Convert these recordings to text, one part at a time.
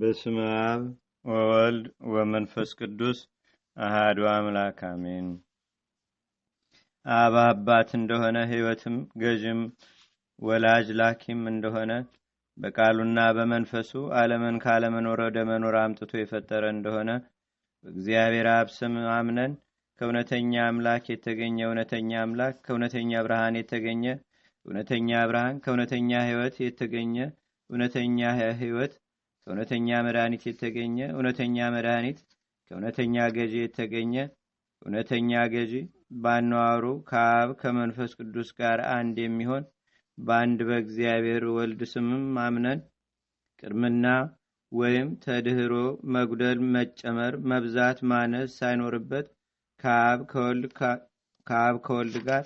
በስመ አብ ወወልድ ወመንፈስ ቅዱስ አህዱ አምላክ አሜን። አብ አባት እንደሆነ ህይወትም ገዥም ወላጅ ላኪም እንደሆነ በቃሉና በመንፈሱ ዓለምን ካለመኖር ወደ መኖር አምጥቶ የፈጠረ እንደሆነ በእግዚአብሔር አብ ስም አምነን ከእውነተኛ አምላክ የተገኘ እውነተኛ አምላክ ከእውነተኛ ብርሃን የተገኘ እውነተኛ ብርሃን ከእውነተኛ ህይወት የተገኘ እውነተኛ ህይወት ከእውነተኛ መድኃኒት የተገኘ እውነተኛ መድኃኒት ከእውነተኛ ገዢ የተገኘ እውነተኛ ገዢ በኗዋሩ ከአብ ከመንፈስ ቅዱስ ጋር አንድ የሚሆን በአንድ በእግዚአብሔር ወልድ ስምም ማምነን ቅድምና ወይም ተድህሮ መጉደል፣ መጨመር፣ መብዛት፣ ማነስ ሳይኖርበት ከአብ ከወልድ ጋር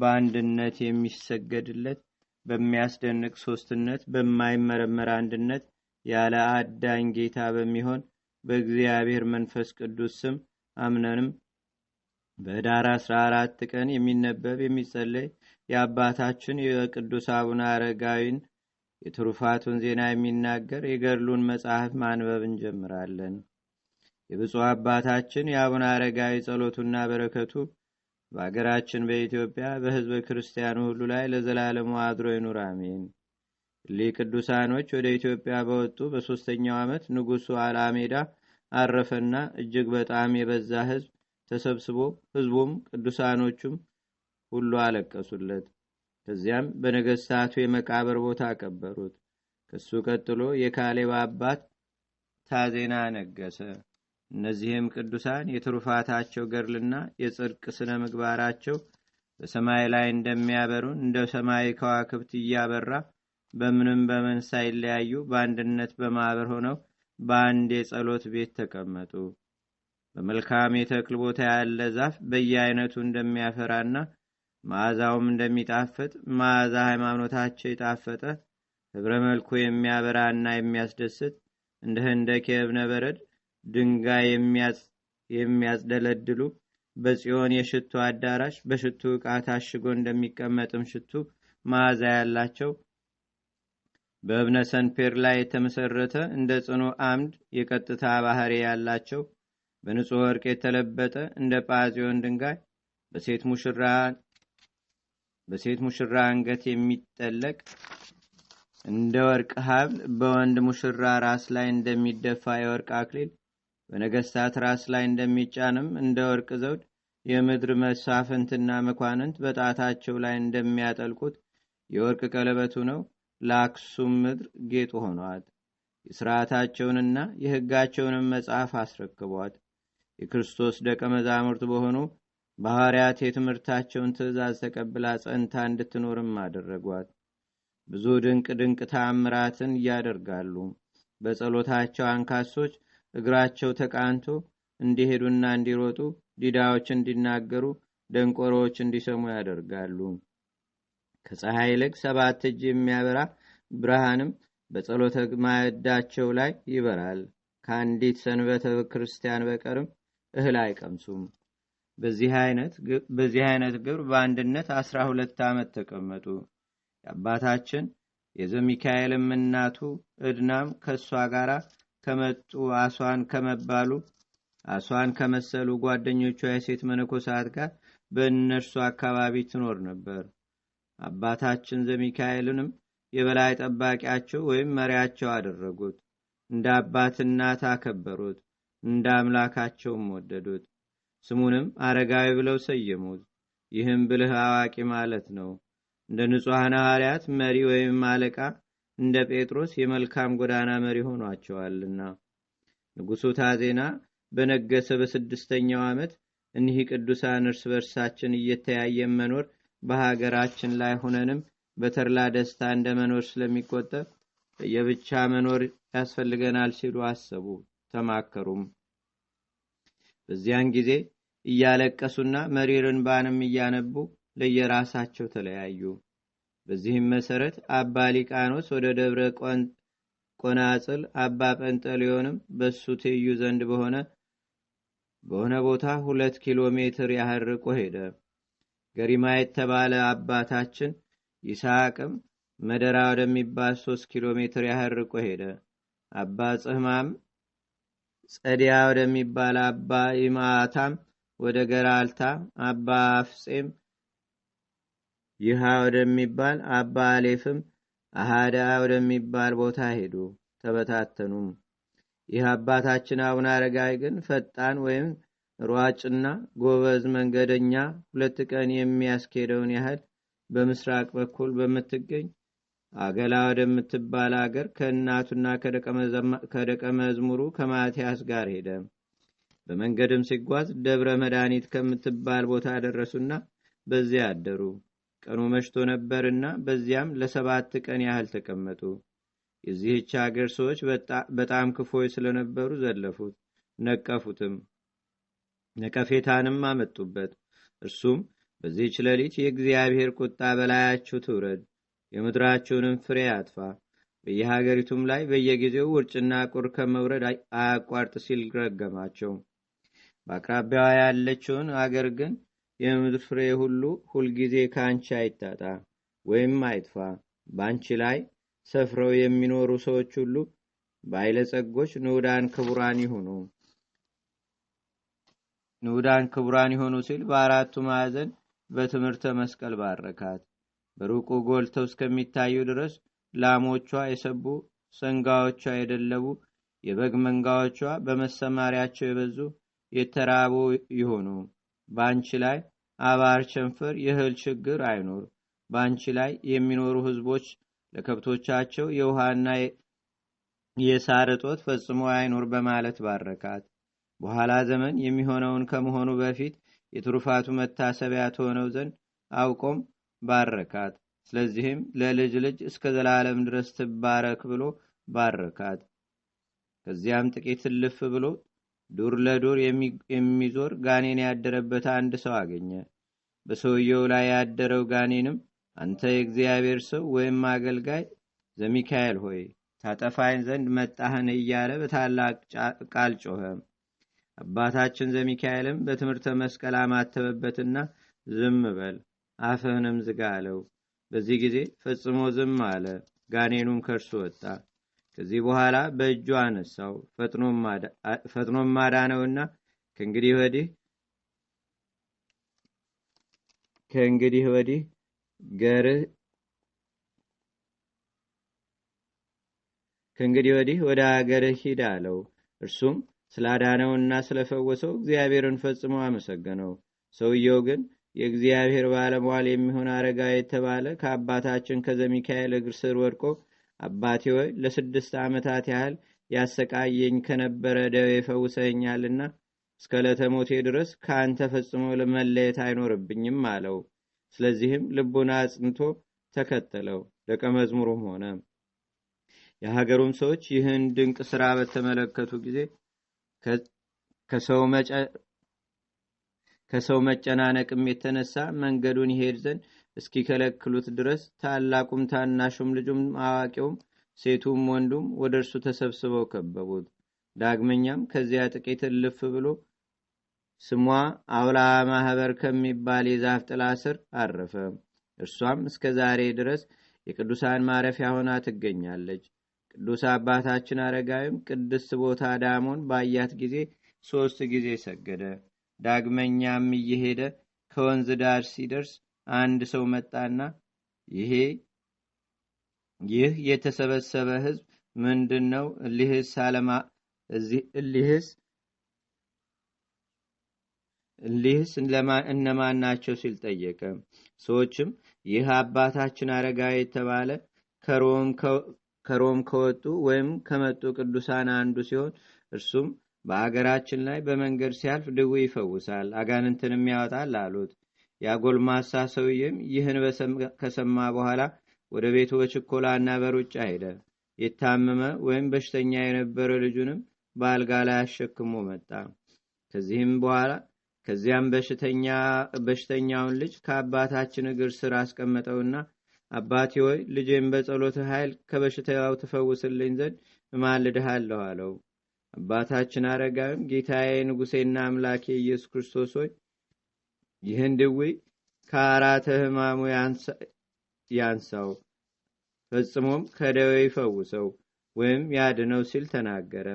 በአንድነት የሚሰገድለት በሚያስደንቅ ሶስትነት በማይመረመር አንድነት ያለ አዳኝ ጌታ በሚሆን በእግዚአብሔር መንፈስ ቅዱስ ስም አምነንም በዳር 14 ቀን የሚነበብ የሚጸለይ የአባታችን የቅዱስ አቡነ አረጋዊን የትሩፋቱን ዜና የሚናገር የገድሉን መጽሐፍ ማንበብ እንጀምራለን። የብፁዕ አባታችን የአቡነ አረጋዊ ጸሎቱና በረከቱ በአገራችን በኢትዮጵያ በህዝበ ክርስቲያኑ ሁሉ ላይ ለዘላለሙ አድሮ ይኑር፣ አሜን። ሊቅዱሳኖች ወደ ኢትዮጵያ በወጡ በሦስተኛው ዓመት ንጉሡ አላሜዳ አረፈና እጅግ በጣም የበዛ ህዝብ ተሰብስቦ ህዝቡም ቅዱሳኖቹም ሁሉ አለቀሱለት። ከዚያም በነገስታቱ የመቃብር ቦታ ቀበሩት። ከሱ ቀጥሎ የካሌብ አባት ታዜና ነገሰ። እነዚህም ቅዱሳን የትሩፋታቸው ገድልና የጽድቅ ስነ ምግባራቸው በሰማይ ላይ እንደሚያበሩን እንደ ሰማይ ከዋክብት እያበራ በምንም በምን ሳይለያዩ በአንድነት በማህበር ሆነው በአንድ የጸሎት ቤት ተቀመጡ። በመልካም የተክል ቦታ ያለ ዛፍ በየአይነቱ እንደሚያፈራና መዓዛውም እንደሚጣፍጥ መዓዛ ሃይማኖታቸው የጣፈጠ ኅብረ መልኩ የሚያበራና የሚያስደስት እንደ ህንደክ የእብነ በረድ ድንጋይ የሚያስደለድሉ በጽዮን የሽቱ አዳራሽ በሽቱ ዕቃ ታሽጎ እንደሚቀመጥም ሽቱ መዓዛ ያላቸው በእብነ ሰንፔር ላይ የተመሰረተ እንደ ጽኑ አምድ የቀጥታ ባህር ያላቸው በንጹሕ ወርቅ የተለበጠ እንደ ጳዚዮን ድንጋይ በሴት ሙሽራ አንገት የሚጠለቅ እንደ ወርቅ ሀብል በወንድ ሙሽራ ራስ ላይ እንደሚደፋ የወርቅ አክሊል በነገስታት ራስ ላይ እንደሚጫንም እንደ ወርቅ ዘውድ የምድር መሳፍንትና መኳንንት በጣታቸው ላይ እንደሚያጠልቁት የወርቅ ቀለበቱ ነው ለአክሱም ምድር ጌጡ ሆኗት። የሥርዓታቸውንና የሕጋቸውንም መጽሐፍ አስረክቧት። የክርስቶስ ደቀ መዛሙርት በሆኑ ባሕርያት የትምህርታቸውን ትእዛዝ ተቀብላ ጸንታ እንድትኖርም አደረጓት። ብዙ ድንቅ ድንቅ ታምራትን እያደርጋሉ። በጸሎታቸው አንካሶች እግራቸው ተቃንቶ እንዲሄዱና እንዲሮጡ፣ ዲዳዎች እንዲናገሩ፣ ደንቆሮዎች እንዲሰሙ ያደርጋሉ። ከፀሐይ ይልቅ ሰባት እጅ የሚያበራ ብርሃንም በጸሎተ ማዕዳቸው ላይ ይበራል። ከአንዲት ሰንበተ ክርስቲያን በቀርም እህል አይቀምሱም። በዚህ አይነት ግብር በአንድነት አስራ ሁለት ዓመት ተቀመጡ። የአባታችን የዘሚካኤልም እናቱ እድናም ከእሷ ጋር ከመጡ አሷን ከመባሉ አሷን ከመሰሉ ጓደኞቿ የሴት መነኮሳት ጋር በእነርሱ አካባቢ ትኖር ነበር። አባታችን ዘሚካኤልንም የበላይ ጠባቂያቸው ወይም መሪያቸው አደረጉት። እንደ አባት እናት አከበሩት፣ እንደ አምላካቸውም ወደዱት። ስሙንም አረጋዊ ብለው ሰየሙት። ይህም ብልህ አዋቂ ማለት ነው። እንደ ንጹሐን ሐዋርያት መሪ ወይም አለቃ እንደ ጴጥሮስ የመልካም ጎዳና መሪ ሆኗቸዋልና። ንጉሡ ታዜና በነገሰ በስድስተኛው ዓመት እኒህ ቅዱሳን እርስ በርሳችን እየተያየን መኖር በሀገራችን ላይ ሆነንም በተርላ ደስታ እንደ መኖር ስለሚቆጠር የብቻ መኖር ያስፈልገናል ሲሉ አሰቡ ተማከሩም በዚያን ጊዜ እያለቀሱና መሪር ባንም እያነቡ ለየራሳቸው ተለያዩ በዚህም መሰረት አባ ሊቃኖስ ወደ ደብረ ቆናጽል አባ ጴንጠሊዮንም በሱ ትይዩ ዘንድ በሆነ በሆነ ቦታ ሁለት ኪሎ ሜትር ያህል ርቆ ሄደ ገሪማ የተባለ አባታችን ይስሐቅም መደራ ወደሚባል ሶስት ኪሎ ሜትር ያህል ርቆ ሄደ። አባ ጽህማም ጸዲያ ወደሚባል አባ ኢማታም ወደ ገራልታ፣ አባ አፍጼም ይሃ ወደሚባል አባ አሌፍም አሃዳ ወደሚባል ቦታ ሄዱ። ተበታተኑም። ይህ አባታችን አቡነ አረጋዊ ግን ፈጣን ወይም ሯጭና ጎበዝ መንገደኛ ሁለት ቀን የሚያስኬደውን ያህል በምስራቅ በኩል በምትገኝ አገላ ወደምትባል አገር ከእናቱና ከደቀ መዝሙሩ ከማቲያስ ጋር ሄደ። በመንገድም ሲጓዝ ደብረ መድኃኒት ከምትባል ቦታ ደረሱና በዚያ አደሩ። ቀኑ መሽቶ ነበርና በዚያም ለሰባት ቀን ያህል ተቀመጡ። የዚህች አገር ሰዎች በጣም ክፎች ስለነበሩ ዘለፉት፣ ነቀፉትም። ነቀፌታንም አመጡበት። እርሱም በዚህች ሌሊት የእግዚአብሔር ቁጣ በላያችሁ ትውረድ፣ የምድራችሁንም ፍሬ አጥፋ፣ በየሀገሪቱም ላይ በየጊዜው ውርጭና ቁር ከመውረድ አያቋርጥ ሲል ረገማቸው። በአቅራቢያዋ ያለችውን አገር ግን የምድር ፍሬ ሁሉ ሁልጊዜ ከአንቺ አይታጣ ወይም አይጥፋ፣ በአንቺ ላይ ሰፍረው የሚኖሩ ሰዎች ሁሉ ባይለጸጎች፣ ንዑዳን፣ ክቡራን ይሁኑ። ንዑዳን ክቡራን የሆኑ ሲል በአራቱ ማዕዘን በትምህርተ መስቀል ባረካት። በሩቁ ጎልተው እስከሚታዩ ድረስ ላሞቿ የሰቡ፣ ሰንጋዎቿ የደለቡ፣ የበግ መንጋዎቿ በመሰማሪያቸው የበዙ የተራቡ ይሆኑ። በአንቺ ላይ አባር ቸንፈር የእህል ችግር አይኖር። በአንቺ ላይ የሚኖሩ ህዝቦች ለከብቶቻቸው የውሃና የሳር እጦት ፈጽሞ አይኖር በማለት ባረካት። በኋላ ዘመን የሚሆነውን ከመሆኑ በፊት የትሩፋቱ መታሰቢያ ትሆነው ዘንድ አውቆም ባረካት። ስለዚህም ለልጅ ልጅ እስከ ዘላለም ድረስ ትባረክ ብሎ ባረካት። ከዚያም ጥቂት ልፍ ብሎ ዱር ለዱር የሚዞር ጋኔን ያደረበት አንድ ሰው አገኘ። በሰውየው ላይ ያደረው ጋኔንም አንተ የእግዚአብሔር ሰው ወይም አገልጋይ ዘሚካኤል ሆይ ታጠፋኝ ዘንድ መጣህን እያለ በታላቅ ቃል ጮኸም አባታችን ዘሚካኤልም በትምህርተ መስቀል አማተበበትና ዝም በል አፍህንም ዝጋ አለው። በዚህ ጊዜ ፈጽሞ ዝም አለ። ጋኔኑም ከእርሱ ወጣ። ከዚህ በኋላ በእጁ አነሳው፣ ፈጥኖም ነውና ከእንግዲህ ወዲህ ከእንግዲህ ወዲህ ገርህ ከእንግዲህ ወዲህ ወደ አገርህ ሂድ አለው። እርሱም ስላዳነውና ስለፈወሰው እግዚአብሔርን ፈጽሞ አመሰገነው። ሰውየው ግን የእግዚአብሔር ባለሟል የሚሆን አረጋ የተባለ ከአባታችን ከዘሚካኤል እግር ስር ወድቆ አባቴ ወይ ለስድስት ዓመታት ያህል ያሰቃየኝ ከነበረ ደዌ ፈውሰኛልና እስከ ለተሞቴ ድረስ ከአንተ ፈጽሞ ለመለየት አይኖርብኝም አለው። ስለዚህም ልቡን አጽንቶ ተከተለው ደቀ መዝሙሩም ሆነ። የሀገሩም ሰዎች ይህን ድንቅ ስራ በተመለከቱ ጊዜ ከሰው መጨናነቅም የተነሳ መንገዱን ይሄድ ዘንድ እስኪከለክሉት ድረስ ታላቁም ታናሹም ልጁም አዋቂውም ሴቱም ወንዱም ወደ እርሱ ተሰብስበው ከበቡት። ዳግመኛም ከዚያ ጥቂት ልፍ ብሎ ስሟ አውላ ማህበር ከሚባል የዛፍ ጥላ ስር አረፈ። እርሷም እስከ ዛሬ ድረስ የቅዱሳን ማረፊያ ሆና ትገኛለች። ቅዱስ አባታችን አረጋዊም ቅድስት ቦታ ዳሞን ባያት ጊዜ ሦስት ጊዜ ሰገደ። ዳግመኛም እየሄደ ከወንዝ ዳር ሲደርስ አንድ ሰው መጣና ይሄ ይህ የተሰበሰበ ሕዝብ ምንድን ነው? እሊህስ አለማ እሊህስ እሊህስ እነማን ናቸው ሲል ጠየቀ። ሰዎችም ይህ አባታችን አረጋዊ የተባለ ከሮም ከወጡ ወይም ከመጡ ቅዱሳን አንዱ ሲሆን እርሱም በአገራችን ላይ በመንገድ ሲያልፍ ድዊ ይፈውሳል፣ አጋንንትንም ያወጣል አሉት። የአጎልማሳ ሰውዬም ይህን ከሰማ በኋላ ወደ ቤቱ በችኮላና በሩጫ ሄደ። የታመመ ወይም በሽተኛ የነበረ ልጁንም በአልጋ ላይ አሸክሞ መጣ። ከዚህም በኋላ ከዚያም በሽተኛውን ልጅ ከአባታችን እግር ስር አስቀመጠውና አባቴ ሆይ ልጄም በጸሎትህ ኃይል ከበሽታው ትፈውስልኝ ዘንድ እማልድሃለሁ አለው አባታችን አረጋዊም ጌታዬ ንጉሴና አምላኬ ኢየሱስ ክርስቶስ ሆይ ይህን ድዊ ከአራተ ህማሙ ያንሳው ፈጽሞም ከደዌ ይፈውሰው ወይም ያድነው ሲል ተናገረ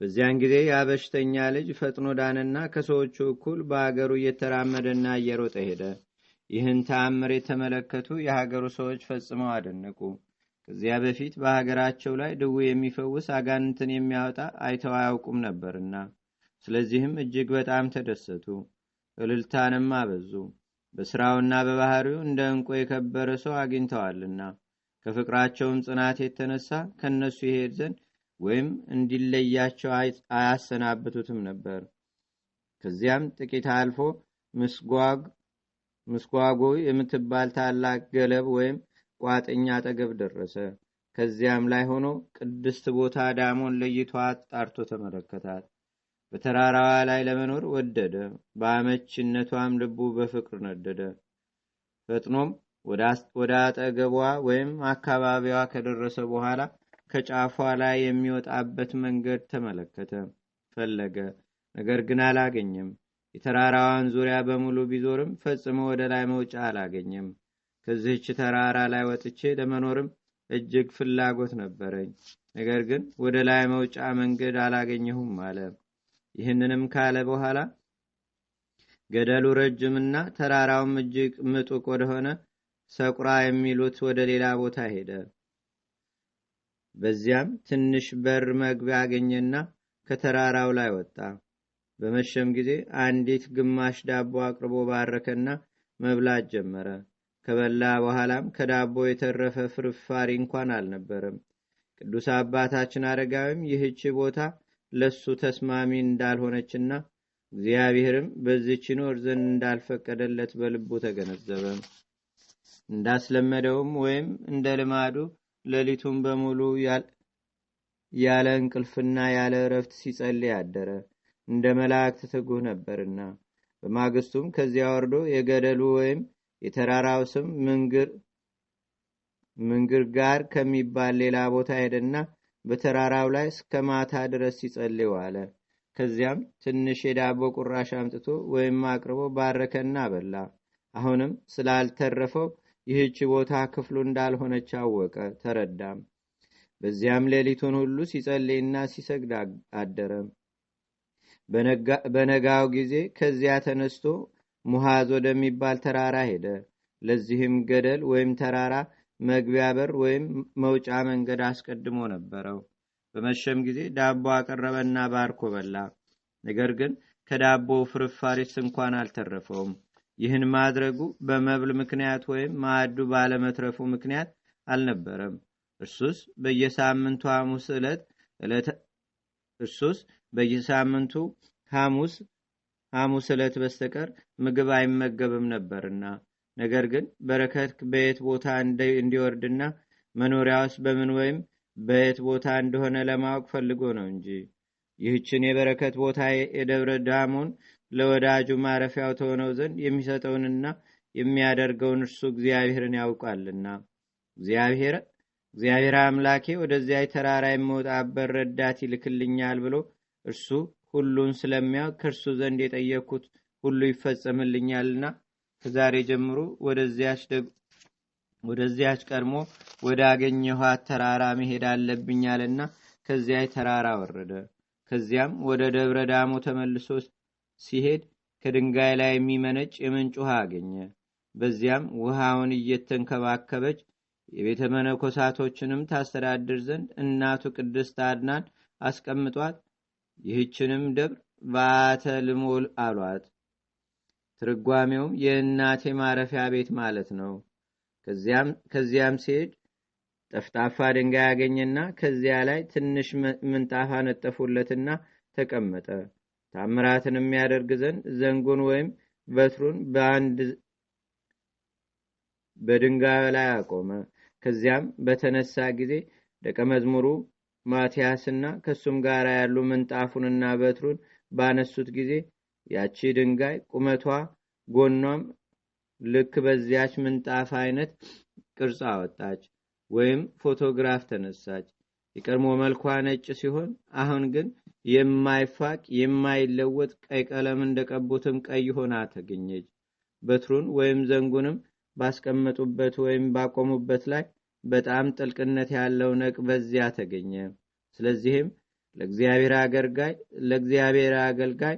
በዚያን ጊዜ የአበሽተኛ ልጅ ፈጥኖ ዳንና ከሰዎቹ እኩል በአገሩ እየተራመደና እየሮጠ ሄደ ይህን ተአምር የተመለከቱ የሀገሩ ሰዎች ፈጽመው አደነቁ። ከዚያ በፊት በሀገራቸው ላይ ድዌ የሚፈውስ አጋንንትን የሚያወጣ አይተው አያውቁም ነበርና፣ ስለዚህም እጅግ በጣም ተደሰቱ፣ እልልታንም አበዙ። በስራውና በባህሪው እንደ ዕንቁ የከበረ ሰው አግኝተዋልና ከፍቅራቸውም ጽናት የተነሳ ከእነሱ ይሄድ ዘንድ ወይም እንዲለያቸው አያሰናብቱትም ነበር። ከዚያም ጥቂት አልፎ ምስጓግ ምስኳጎ የምትባል ታላቅ ገለብ ወይም ቋጥኛ አጠገብ ደረሰ። ከዚያም ላይ ሆኖ ቅድስት ቦታ ዳሞን ለይቷ ጣርቶ ተመለከታት። በተራራዋ ላይ ለመኖር ወደደ። በአመችነቷም ልቡ በፍቅር ነደደ። ፈጥኖም ወደ አጠገቧ ወይም አካባቢዋ ከደረሰ በኋላ ከጫፏ ላይ የሚወጣበት መንገድ ተመለከተ፣ ፈለገ። ነገር ግን አላገኘም። የተራራዋን ዙሪያ በሙሉ ቢዞርም ፈጽሞ ወደ ላይ መውጫ አላገኘም። ከዚህች ተራራ ላይ ወጥቼ ለመኖርም እጅግ ፍላጎት ነበረኝ። ነገር ግን ወደ ላይ መውጫ መንገድ አላገኘሁም አለ። ይህንንም ካለ በኋላ ገደሉ ረጅምና ተራራውም እጅግ ምጡቅ ወደሆነ ሰቁራ የሚሉት ወደ ሌላ ቦታ ሄደ። በዚያም ትንሽ በር መግቢያ አገኘና ከተራራው ላይ ወጣ። በመሸም ጊዜ አንዲት ግማሽ ዳቦ አቅርቦ ባረከና መብላት ጀመረ። ከበላ በኋላም ከዳቦ የተረፈ ፍርፋሪ እንኳን አልነበረም። ቅዱስ አባታችን አረጋዊም ይህች ቦታ ለሱ ተስማሚ እንዳልሆነችና እግዚአብሔርም በዚች ይኖር ዘንድ እንዳልፈቀደለት በልቡ ተገነዘበ። እንዳስለመደውም ወይም እንደ ልማዱ ሌሊቱን በሙሉ ያለ እንቅልፍና ያለ እረፍት ሲጸልይ አደረ። እንደ መላእክት ትጉህ ነበርና በማግስቱም ከዚያ ወርዶ የገደሉ ወይም የተራራው ስም ምንግር ጋር ከሚባል ሌላ ቦታ ሄደና በተራራው ላይ እስከ ማታ ድረስ ሲጸልይ ዋለ። ከዚያም ትንሽ የዳቦ ቁራሽ አምጥቶ ወይም አቅርቦ ባረከና በላ። አሁንም ስላልተረፈው ይህች ቦታ ክፍሉ እንዳልሆነች አወቀ፣ ተረዳም። በዚያም ሌሊቱን ሁሉ ሲጸልይና ሲሰግድ አደረም። በነጋው ጊዜ ከዚያ ተነስቶ ሙሃዝ ወደሚባል ተራራ ሄደ። ለዚህም ገደል ወይም ተራራ መግቢያ በር ወይም መውጫ መንገድ አስቀድሞ ነበረው። በመሸም ጊዜ ዳቦ አቀረበና ባርኮ በላ። ነገር ግን ከዳቦው ፍርፋሪስ እንኳን አልተረፈውም። ይህን ማድረጉ በመብል ምክንያት ወይም ማዕዱ ባለመትረፉ ምክንያት አልነበረም። እርሱስ በየሳምንቱ ሐሙስ ዕለት እርሱስ በየሳምንቱ ሐሙስ ሐሙስ ዕለት በስተቀር ምግብ አይመገብም ነበርና ነገር ግን በረከት በየት ቦታ እንዲወርድና መኖሪያ ውስጥ በምን ወይም በየት ቦታ እንደሆነ ለማወቅ ፈልጎ ነው እንጂ ይህችን የበረከት ቦታ የደብረ ዳሞን ለወዳጁ ማረፊያው ተሆነው ዘንድ የሚሰጠውንና የሚያደርገውን እርሱ እግዚአብሔርን ያውቃልና እግዚአብሔር አምላኬ ወደዚያ ተራራ የመውጣ በር ረዳት ይልክልኛል ብሎ እርሱ ሁሉን ስለሚያውቅ ከእርሱ ዘንድ የጠየቅኩት ሁሉ ይፈጸምልኛልና ከዛሬ ጀምሮ ወደዚያች ቀድሞ ወደ አገኘኋት ተራራ መሄድ አለብኛልና ከዚያች ተራራ ወረደ። ከዚያም ወደ ደብረ ዳሞ ተመልሶ ሲሄድ ከድንጋይ ላይ የሚመነጭ የምንጭ ውሃ አገኘ። በዚያም ውሃውን እየተንከባከበች የቤተ መነኮሳቶችንም ታስተዳድር ዘንድ እናቱ ቅድስት አድናን አስቀምጧት ይህችንም ደብር ባተ ልሙል አሏት። ትርጓሜውም የእናቴ ማረፊያ ቤት ማለት ነው። ከዚያም ሲሄድ ጠፍጣፋ ድንጋይ ያገኘና ከዚያ ላይ ትንሽ ምንጣፍ አነጠፉለትና ተቀመጠ። ታምራትን የሚያደርግ ዘንድ ዘንጉን ወይም በትሩን በአንድ በድንጋዩ ላይ አቆመ። ከዚያም በተነሳ ጊዜ ደቀ መዝሙሩ ማቲያስና ከእሱም ጋር ያሉ ምንጣፉንና በትሩን ባነሱት ጊዜ ያቺ ድንጋይ ቁመቷ ጎኗም ልክ በዚያች ምንጣፍ አይነት ቅርጽ አወጣች ወይም ፎቶግራፍ ተነሳች። የቀድሞ መልኳ ነጭ ሲሆን አሁን ግን የማይፋቅ የማይለወጥ ቀይ ቀለም እንደቀቡትም ቀይ ሆና ተገኘች። በትሩን ወይም ዘንጉንም ባስቀመጡበት ወይም ባቆሙበት ላይ በጣም ጥልቅነት ያለው ነቅ በዚያ ተገኘ። ስለዚህም ለእግዚአብሔር አገልጋይ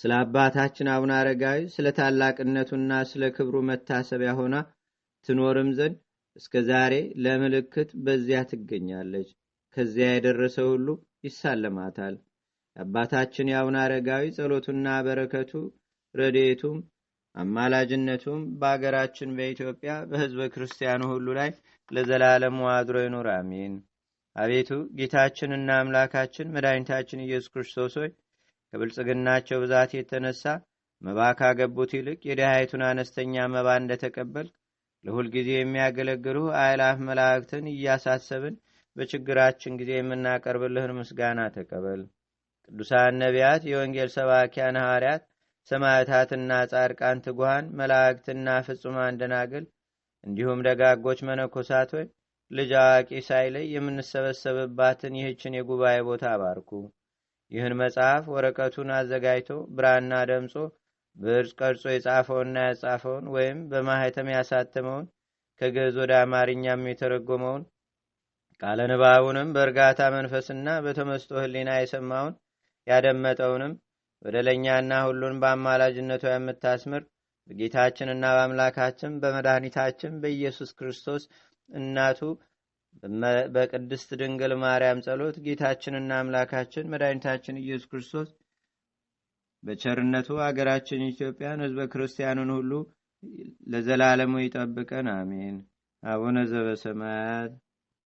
ስለ አባታችን አቡነ አረጋዊ ስለ ታላቅነቱና ስለ ክብሩ መታሰቢያ ሆና ትኖርም ዘንድ እስከ ዛሬ ለምልክት በዚያ ትገኛለች። ከዚያ የደረሰ ሁሉ ይሳለማታል። የአባታችን የአቡነ አረጋዊ ጸሎቱና በረከቱ ረዴቱም አማላጅነቱም በአገራችን በኢትዮጵያ በህዝበ ክርስቲያኑ ሁሉ ላይ ለዘላለሙ አድሮ ይኑር፣ አሜን። አቤቱ ጌታችንና አምላካችን መድኃኒታችን ኢየሱስ ክርስቶስ ሆይ ከብልጽግናቸው ብዛት የተነሳ መባ ካገቡት ይልቅ የድሃይቱን አነስተኛ መባ እንደተቀበል ለሁልጊዜ የሚያገለግሉ አይላፍ መላእክትን እያሳሰብን በችግራችን ጊዜ የምናቀርብልህን ምስጋና ተቀበል። ቅዱሳን ነቢያት፣ የወንጌል ሰባኪያን ሐዋርያት ሰማዕታትና ጻድቃን ትጉሃን መላእክትና ፍጹማን ደናግል እንዲሁም ደጋጎች መነኮሳት ሆይ ልጅ አዋቂ ሳይለይ የምንሰበሰብባትን ይህችን የጉባኤ ቦታ አባርኩ። ይህን መጽሐፍ ወረቀቱን አዘጋጅቶ ብራና ደምጾ ብዕር ቀርጾ የጻፈውና ያጻፈውን ወይም በማህተም ያሳተመውን ከግዕዝ ወደ አማርኛም የተረጎመውን ቃለ ንባቡንም በእርጋታ መንፈስና በተመስጦ ህሊና የሰማውን ያደመጠውንም ወደ ለእኛና ሁሉን በአማላጅነቷ የምታስምር በጌታችንና በአምላካችን በመድኃኒታችን በኢየሱስ ክርስቶስ እናቱ በቅድስት ድንግል ማርያም ጸሎት ጌታችንና አምላካችን መድኃኒታችን ኢየሱስ ክርስቶስ በቸርነቱ አገራችን ኢትዮጵያን ህዝበ ክርስቲያኑን ሁሉ ለዘላለሙ ይጠብቀን አሜን አቡነ ዘበሰማያት